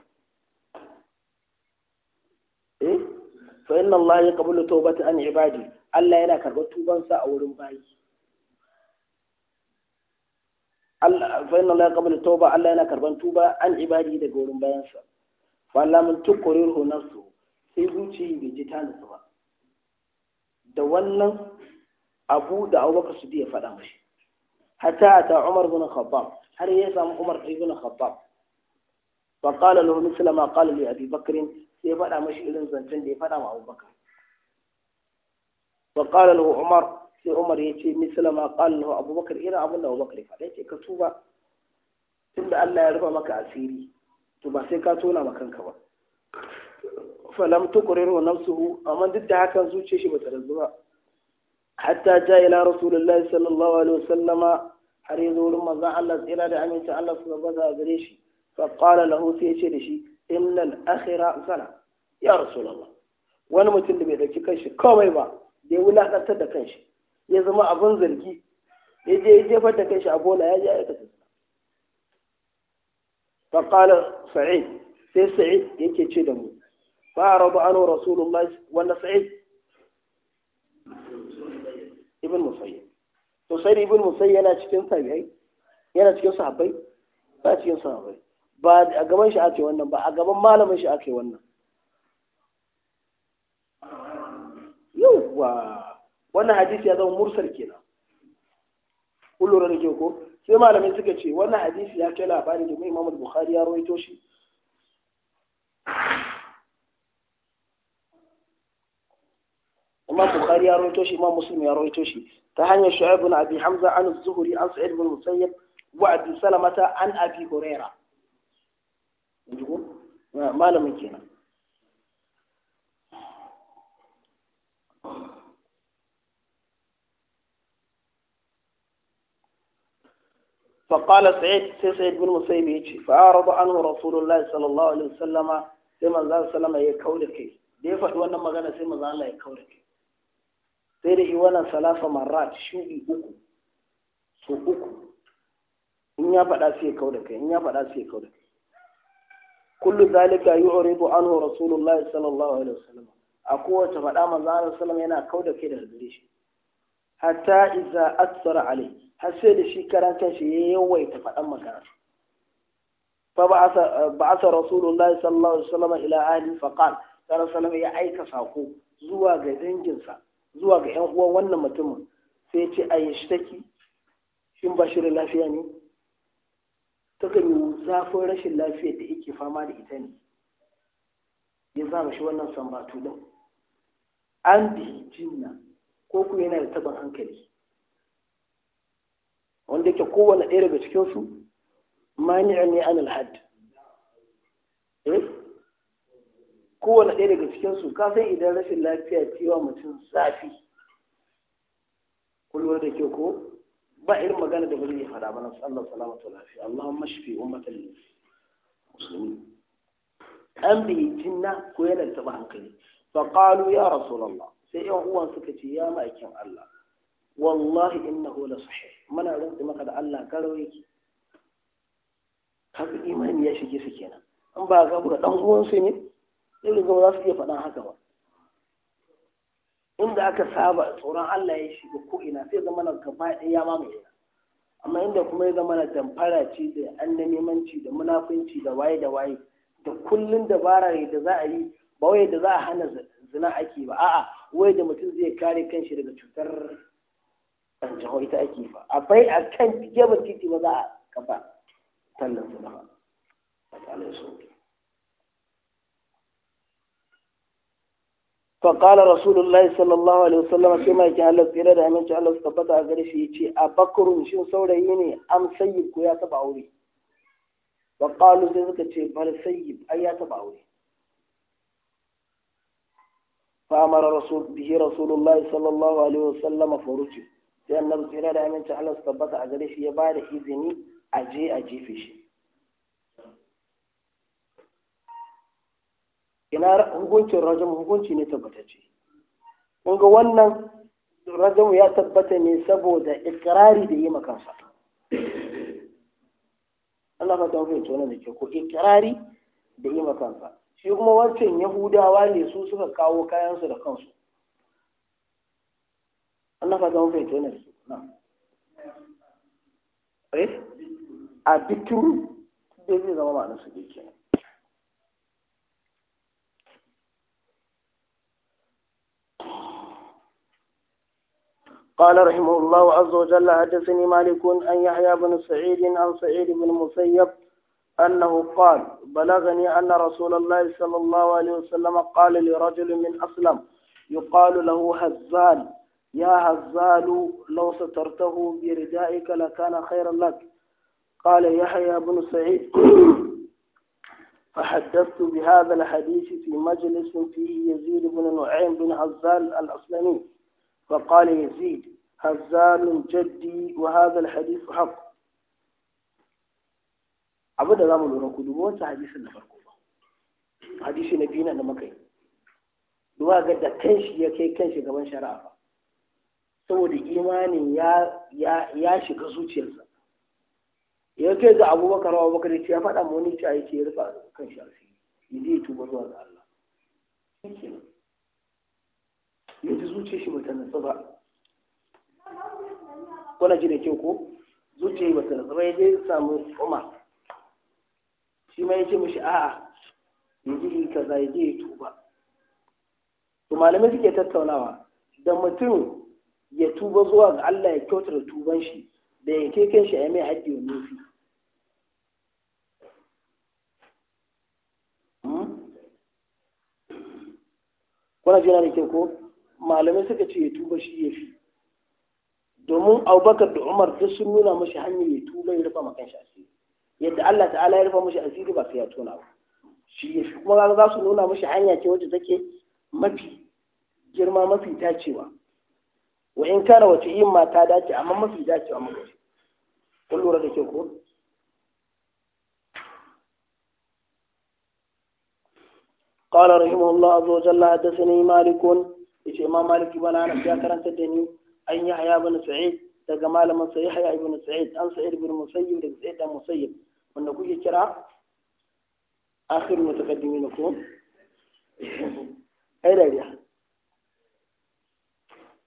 inna Allah ya kabulu tawbata an ibadi Allah yana karɓar tubansa a wurin bayi Allah fa inna Allah ya kabulu tawba Allah yana karɓar tuba an ibadi daga wurin bayansa fa Allah mun tukuriru nafsu sai zuciyi bai ji ta nutsu ba da wannan abu da Abubakar su ya faɗa mashi hatta ta Umar bin Khattab har ya samu Umar ibn Khattab fa qala lahu misla ma qala li Abi Bakr sai faɗa mashi irin zancen da ya faɗa ma abubakar wa qala lahu umar sai umar ya ce misala ma qala lahu abubakar irin abin da abubakar ya faɗa ce ka tuba tunda Allah ya rufa maka asiri to ba sai ka tona ma kanka ba falam tuqrir wa nafsuhu amma duk da hakan zuciyar shi ba ta razu ba hatta ja ila rasulullahi sallallahu alaihi wasallama har yanzu wurin manzon Allah tsira da aminta Allah su gaba gare shi fa qala lahu sai ya ce da shi innal akhira sana ya rasulullah wani mutum da bai dauki kanshi kawai ba da ya wulakantar da kanshi ya zama abin zargi ya je ya jefar da kanshi a bola ya je aikata fa qala sa'id sai sa'id yake ce da mu ba a rabu anu rasulullah wannan sa'id ibn musayyib to sa'id ibn musayyib yana cikin tabi'ai yana cikin sahabbai ba cikin sahabbai ba a gaban shi ake wannan ba a gaban malamin shi ake wannan yauwa wannan hadisi ya zama mursal kenan kullura da ke ko sai malamai suka ce wannan hadisi ya kai labarin da domin imam bukhari ya rawaito shi imam bukhari ya rawaito shi imam muslim ya rawaito shi ta hanyar shu'aib bin abi hamza an Zuhuri, zuhri an sa'id bin musayyib wa abi salamata an abi hurairah Ah, malamin kenan فقال سعيد سعيد بن مسيب يجي فأعرض عنه رسول الله صلى الله عليه وسلم sai manzo sallama ya kaura kai da ya faɗi wannan magana sai manzo Allah ya kaura kai sai da iwana salafa marat shudi uku so uku in ya faɗa sai ya kai in ya faɗa sai ya kai kullu zalika yi anhu rasulullahi sallallahu alaihi wasallam a kowace faɗa manzo Allah yana kauda kai da gare shi hatta idza aksara har sai da shi karan kanshi ya yawaita faɗan magana fa ba'atha rasulullahi sallallahu alaihi wasallam ila ahli fa ya aika sako zuwa ga danginsa zuwa ga yan uwan wannan mutumin sai ya ce ayyashtaki shin ba da lafiya ne ta gano zafin rashin lafiyar da yake fama da ita ne ya zama shi wannan sambatu din an bihi jinna ko ku yana da taban hankali wanda yake kowane ɗaya daga cikinsu mani'a ne an alhad eh? kowane ɗaya daga cikinsu ka san idan rashin lafiya ciwa mutum zafi kullum da ke ko ba irin magana da bari ya fada ba na sallar salamatu lafiya Allahumma shfi ummatal muslimin an bi jinna ko yana taba hankali fa qalu ya rasulullah sai yan uwan suka ce ya ma'aikin Allah wallahi innahu la sahih muna rantsi maka da Allah karo yake kafin imani ya shige su kenan an ba ga ga dan uwan su ne irin ga za su iya faɗan haka ba inda aka saba tsoron Allah ya shiga ko ina sai zama na gaba ɗaya ma mai amma inda kuma ya zama na damfara ce da an da munafunci da waye da waye da kullun dabara ne da za a yi ba waye da za a hana zina ake ba a'a wai da mutum zai kare kanshi daga cutar jawo ita ake ba a bai a kan gefen titi ba za a kafa tallan zina ba. Allah ya faƙalar rasulullahi sallallahu alaihi wasallam sai mai kin Allah tsira da aminci Allah suka fata a gare shi yace a bakurun shin saurayi ne am sayyib ko ya taba aure wa qalu sai ce bal sayyib ai ya taba aure fa amara rasul sallallahu alaihi wasallam faruji sai annabi tsira da aminci Allah suka fata a gare shi ya ba da izini a je a jefe shi ina hukuncin rajamu hukunci ne tabbatacce kun ga wannan rajamu ya tabbata ne saboda ikirari da yi makansa Allah ka tawo fahimci tona da ke ko ikirari da yi makansa shi kuma wancan yahudawa ne su suka kawo kayansu da kansu Allah ka tawo fahimci tona da ke na eh? a duk da zai zama ma'anarsa da kenan قال رحمه الله عز وجل حدثني مالك أن يحيى بن سعيد عن سعيد بن مسيب أنه قال بلغني أن رسول الله صلى الله عليه وسلم قال لرجل من أسلم يقال له هزال يا هزال لو سترته بردائك لكان خيرا لك قال يحيى بن سعيد فحدثت بهذا الحديث في مجلس فيه يزيد بن نعيم بن هزال الأسلمي فقال يزيد هزام جدي وهذا الحديث حق abu da zamu lura ku Dubu wancan hadisin na farko ba hadisi na biyu na da makai duba ga da kanshi ya kai kanshi gaban shari'a ba saboda imanin ya shiga zuciyarsa ya kai ga abubakar wa bakar ya faɗa mu wani ce a yake ya rufa kan shi alfi ya zai tuba zuwa ga ya ji zuciya shi bata natsu ba kuna ji da kyau ko zuce shi bata natsu ba ya je samu umar shi ma ya ce mashi a'a ya ji kaza ya je ya tuba to malamai suke tattaunawa da mutum ya tuba zuwa ga Allah ya kyautar tuban shi da ya kai kan shi a mai haddi wa nufi hmm? kuna jina da ke ko malamai suka ce ya tuba shi ya fi domin abubakar da umar duk sun nuna mashi hanyar ya tuba ya rufa makan shi asiri yadda allah ta'ala ya rufa mashi asiri ba sai ya tona ba shi ya fi kuma za su nuna mashi hanya ce wacce take mafi girma mafi dacewa wa in kana wace yin mata dace amma mafi dacewa mafi kun lura da ke ko قال رحمه الله عز وجل حدثني مالك yace imam maliki ibn anas ya karanta da ni an yi haya ibn sa'id daga malamin sa yahya ibn sa'id an sa'id ibn musayyib daga sa'id ibn musayyib wanda kuke kira akhir mutaqaddimin ko ai da dariya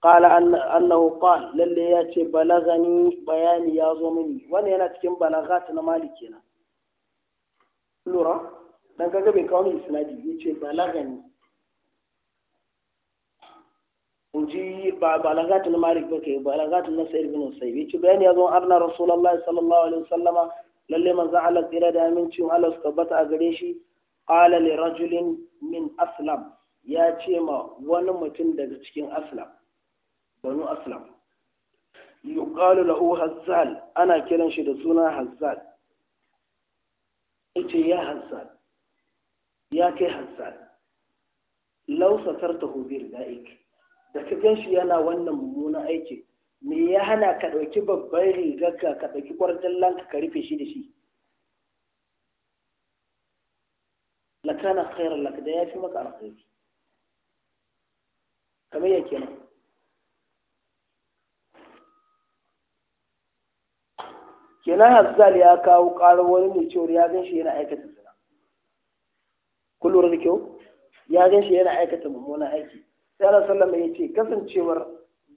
annahu qala lalle yace balagani bayani بلغني mini يا yana cikin أنا na maliki na. Lura dan kaga bai kawo ni sanadi yace balagani uji ba balagatu na malik ba ke balagatu na sa'id bin usayb yace bayani zo arna rasulullahi sallallahu alaihi wasallama lalle manzo Allah tsira da amincin Allah su tabbata a gare shi qala li rajulin min aslam ya ce ma wani mutum daga cikin aslam banu aslam yuqalu lahu hazzal ana kiran shi da suna hazzal yace ya hazzal ya kai hazzal law satartahu bil ridaik da gan shi yana wannan mummunan aiki me ya hana ka ɗauki babban rigarka ka ɗauki kwarjallanka ka rufe shi da shi lakana khairar laka da ya fi maka alkhairi kamar ya kenan kenan hazzal ya kawo ƙarar wani mai cewar ya gan shi yana aikata zina kullum da kyau ya gan shi yana aikata mummunan aiki sai Allah sallama ya ce kasancewar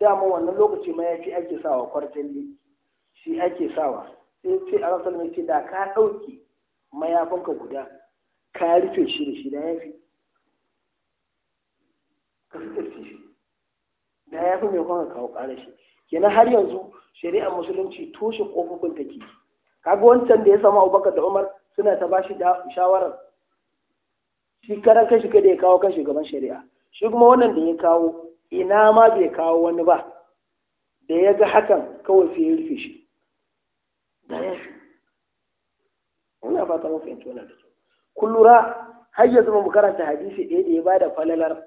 dama wannan lokaci ma ya fi ake sawa kwarjalli shi ake sawa sai ce Allah sallama ya ce da ka ɗauke mayafinka guda ka rufe shi da shi da ya fi ka shi da ya fi mai kwanka kawo ƙara shi kenan har yanzu shari'ar musulunci toshe ƙofofin take kaga wancan da ya samu abubakar da umar suna ta ba shi shawarar shi karan kashi kada ya kawo kan shugaban shari'a shi kuma wannan da ya kawo ina ma bai kawo wani ba da ya ga hakan kawai sai ya rufe shi da ya fi ina fata fahimci wannan da kyau kun lura har yanzu mu karanta hadisi ɗaya da ya da falalar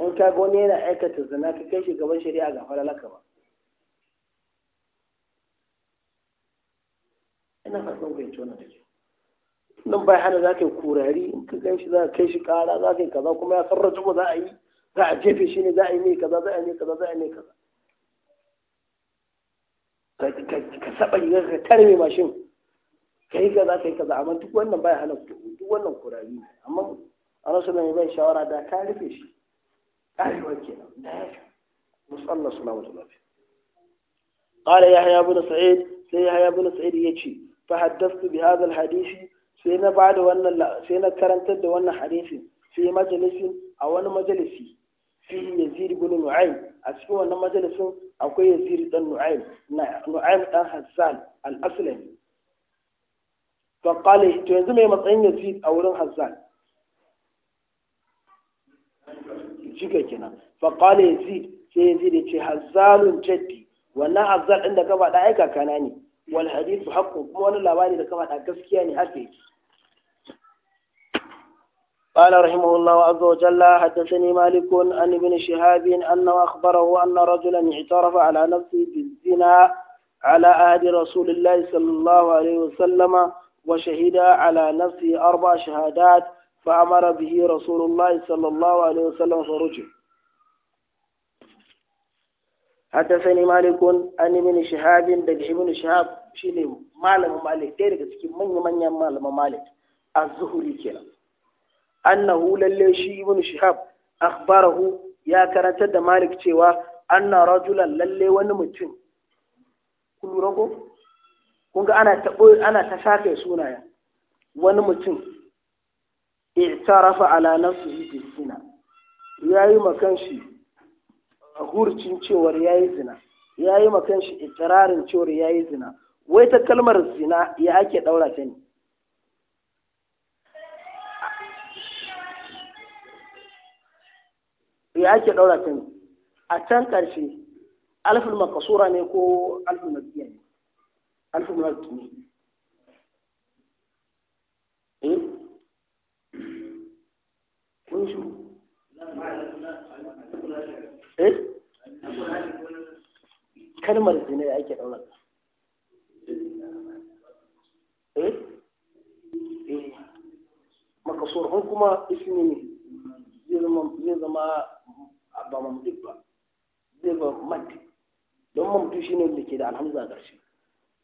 in ka ga wani yana aikata zina ka kai shi gaban shari'a ga falalar ka ba ina fata mu fahimci wannan da kyau nan bai hana za ka yi kurari in ka gan shi za ka kai shi kara za ka yi kaza kuma ya sarrafa ba za a yi za a jefe shi ne za a yi ne kaza za a yi ne kaza za a yi ne kaza ka saba yi ka mai mashin ka yi kaza ka yi kaza amma duk wannan bai hana duk wannan kurari ne amma a rasu mai bai shawara da ka rufe shi karewa kenan da ya fi musallar salamatu lafiya قال يحيى بن سعيد سيحيى بن سعيد يجي فحدثت بهذا الحديث sai na ba da wannan sai na karantar da wannan hadisin fi majalisin a wani majalisi fi yazid ibn nu'aym a cikin wannan majalisin akwai yazid dan nu'aym nu'aym dan hassan al-aslami fa qale to yanzu mai matsayin yazid a wurin hassan jika kenan fa qale yazid sai yazid ya ce hassanun jaddi wannan hassan din da gaba da aika kana ne والحديث حقه مو kuma wani labari كما kama da gaskiya قال رحمه الله عز وجل حدثني مالك عن ابن شهاب أنه أخبره أن رجلا اعترف على نفسه بالزنا على عهد رسول الله صلى الله عليه وسلم وشهد على نفسه أربع شهادات فأمر به رسول الله صلى الله عليه وسلم فرجه حدثني sani, عن ابن شهاب daga ibn shihab shine malamin malik ɗaya daga cikin manyan manyan malamin malik az-zuhri kenan annahu lalle shi ibn shihab akhbarahu ya karantar da malik cewa anna rajulan lalle wani mutum kun lura ko kun ana ta ana ta sake sunaya wani mutum i'tarafa ala nafsihi bisina yayi makan shi hurcin cewar ya yi zina ya yi makan shi ikirarin cewar ya yi zina wai ta kalmar zina ya ake ɗaura ta ne ya ake ɗaura ta ne a can ƙarshe alfil makasura ne ko alfil makiya ne alfil makiya ne eh eh kalmar zina ya ake ɗaunar eh eh makasur hun kuma ismi ne zai zama ba mamduk ba zai ba mati don mamdu shi ne da ke da alhamza ƙarshe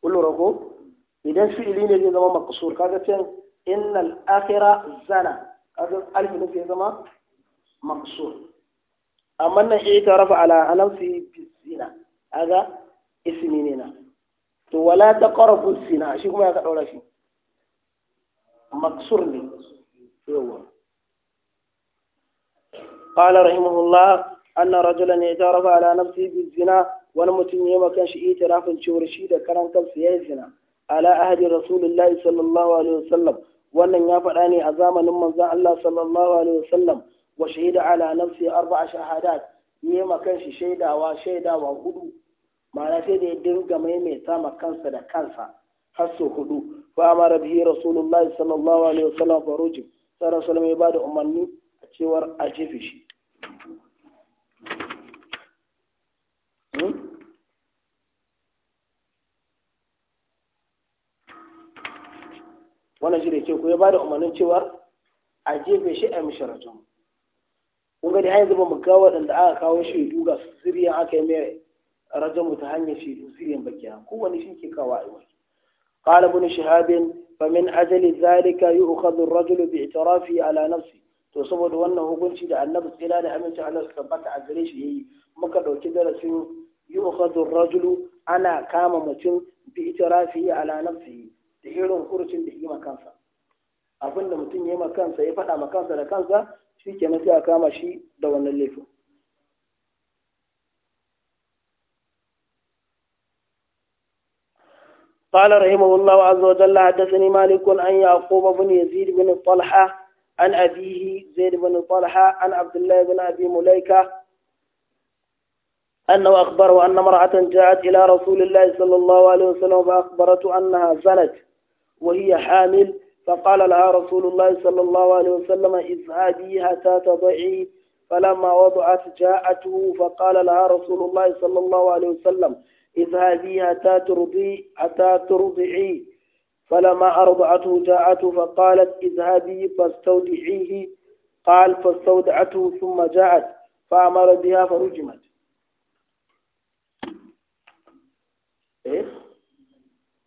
kullura ko idan fi'ili ne zai zama makasur kaga can innal akhira zana kaga alfi zai zama makasur amma nan ita rafa ala nafsi bisina aga ismi ne na to wala ta ƙarfu sina shi kuma ya ka ɗaura shi maksur ne yawa قال رحمه الله أن رجلا اعترف على نفسه بالزنا ونمتن يوم كان شيء اعتراف الشورشي ده كان كم سيزنا على أهل رسول الله صلى الله عليه وسلم وأن يفعل أني أزام من الله صلى الله عليه وسلم wa shaida ala nafsi arba'a shahadat ne ma kanshi shaidawa shaidawa hudu ma'ana sai da ya dinga maimaita ma kansa da kansa har sau hudu fa amara bihi rasulullahi sallallahu alaihi wasallam fa ruji sai rasul mai bada umarni a cewar a jefe shi hmm? wannan shi da ke ku ya bada umarnin cewar a jefe shi a mishi kun gani an zuba mu kawo waɗanda aka kawo shaidu ga siriyan aka yi mai rajamu ta hanyar shaidu siriyan bakiya kowane shi ke kawo aiwa قال ابن شهاب فمن أجل ذلك يؤخذ الرجل باعترافه a نفسه to saboda wannan hukunci da annabi tsira da aminci Allah su tabbata a gare shi yayi muka dauki darasin yu'khadhu ar-rajulu ana kama mutum bi itirafihi ala nafsihi da irin hurucin da yi ma kansa abinda mutum ya yi ma kansa ya faɗa ma kansa da kansa shi kenan sai a kama shi da wannan laifin قال رحمه الله عز وجل حدثني مالك عن يعقوب بن يزيد بن طلحة عن أبيه زيد بن طلحة عن عبد الله بن أبي مليكة أنه أخبره أن امرأة جاءت إلى رسول الله صلى الله عليه وسلم فأخبرته أنها زنت وهي حامل فقال لها رسول الله صلى الله عليه وسلم اذهبي حتى تضعي فلما وضعت جاءته فقال لها رسول الله صلى الله عليه وسلم اذهبي حتى ترضي حتى ترضعي فلما أرضعته جاءته فقالت اذهبي فاستودعيه قال فاستودعته ثم جاءت فأمر بها فرجمت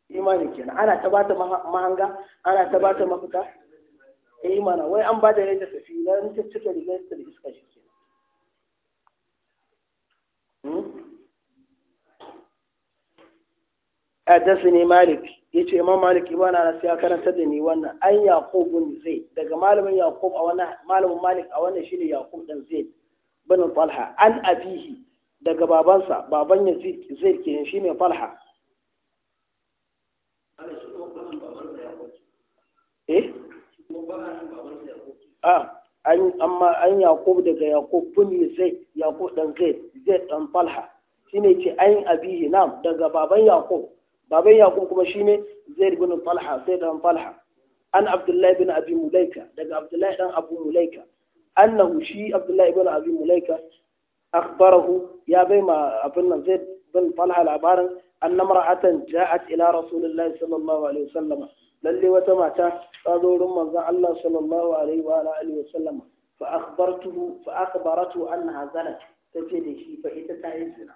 imani kenan ana ta bata mahanga ana ta bata mafita eh imana wai an bada ne ta tafi na ta cika da ta da iska shi kenan hmm? malik ya ce imam malik ibn na siya karanta da ni wannan an yaqub bin zaid daga malamin yaqub a wannan malamin malik a wannan shine yaqub dan zaid bin talha an abihi daga babansa baban yazid zaid kenan shine talha a an amma an yakub daga yaqub bin sai yakub dan kai zai dan falha shine ce ayi abihi nam daga baban yakub baban yakub kuma shine zaid bin falha sai dan falha an abdullahi bin abi mulaika daga abdullahi dan abu mulaika annahu shi abdullahi bin abi mulaika akhbarahu ya bai ma abin nan zaid bin falha labarin annamra'atan ja'at ila rasulullahi sallallahu alaihi wasallam lalle wata mata ta zo wurin manzon Allah sallallahu alaihi wa alihi wa sallama fa akhbartuhu fa akhbaratu annaha zanat ce da shi fa ita ta yi zina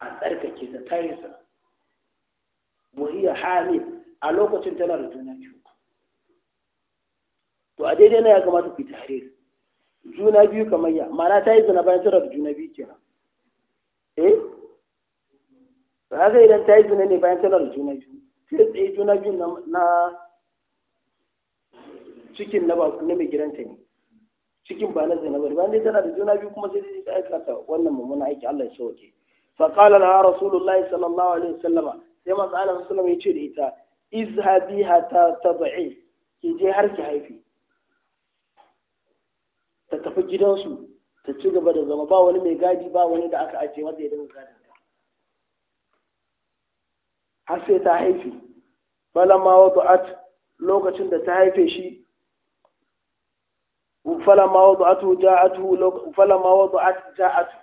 a tsarkake ta ta yi zina wa hiya a lokacin tana da juna biyu to a daidai na ya kamata ku tahrir juna biyu kamar ya ma'ana ta yi zina bayan tana da juna biyu kenan eh ba haka idan ta yi zina ne bayan tana da juna biyu sai tsaye juna biyu na cikin na mai gidanta ne cikin ba na zainab ba ne tana da juna biyu kuma sai ta aikata wannan mummuna aiki Allah ya sauke fa qala laha rasulullahi sallallahu alaihi wasallam sai manzo Allah sallallahu alaihi ce da ita izhabi hatta tab'i ki je har ki haifi ta tafi gidansu ta ci gaba da zama ba wani mai gadi ba wani da aka ajiye masa ya dinga gadi. har sai ta haife falamma wada'at lokacin da ta haife shi falamma wada'atu ja'atu falamma ja'atu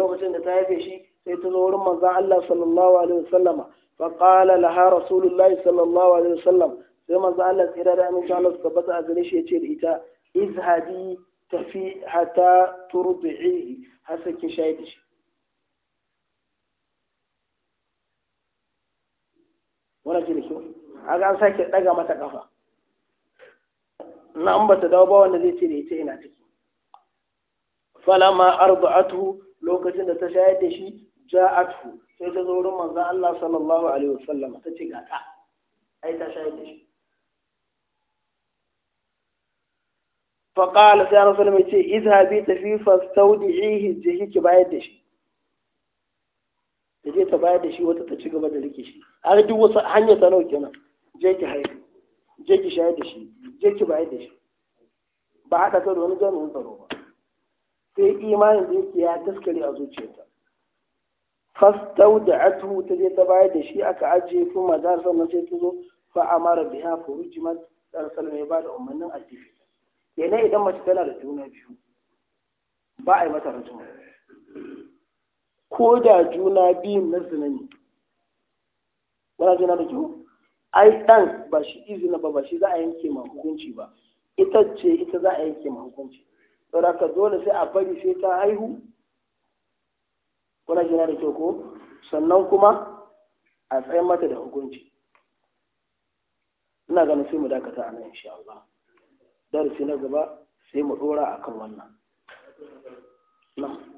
lokacin da ta haife shi sai ta zo wurin manzon Allah sallallahu alaihi wasallama fa qala laha rasulullahi sallallahu alaihi wasallam sai manzon Allah tsira da aminci Allah suka bata shi ya da ita izhadi tafi hatta turdi'i ki kuna shi da kyau a ga an sake daga mata kafa na an ta dawo ba wanda zai ce da ita ina ciki falama arba'atu lokacin da ta shayar da shi ja'atu sai ta zo wurin manzon Allah sallallahu alaihi wasallam ta ce ga ta ai ta shayar da shi فقال سيدنا ce idha bi اذهبي تفي jihiki bayar da shi. Da je ta bayar da shi wata ta ci gaba da rike shi har duk wasu hanyar ta nawa kenan je ki haihu je ki shayar da shi je ki bayar da shi ba haka ta da wani jami'in tsaro ba sai imanin da yake ya taskare a zuciyarta fastawda'atuhu ta je ta bayar da shi aka ajiye kuma da sannan sai ta zo fa amara ha fa rujimat dan salmai ya da umarnin addifi kenan idan mace tana da juna biyu ba a yi mata rajuma ko da juna biyun na zina ne wani da kyau ai ɗan ba shi izina ba ba shi za a yanke ma hukunci ba ita ce ita za a yanke ma hukunci saboda ka dole sai a bari sai ta haihu wani juna da kyau ko sannan kuma a tsayin mata da hukunci ina ganin sai mu dakata a nan insha Allah darasi na gaba sai mu dora akan wannan na'am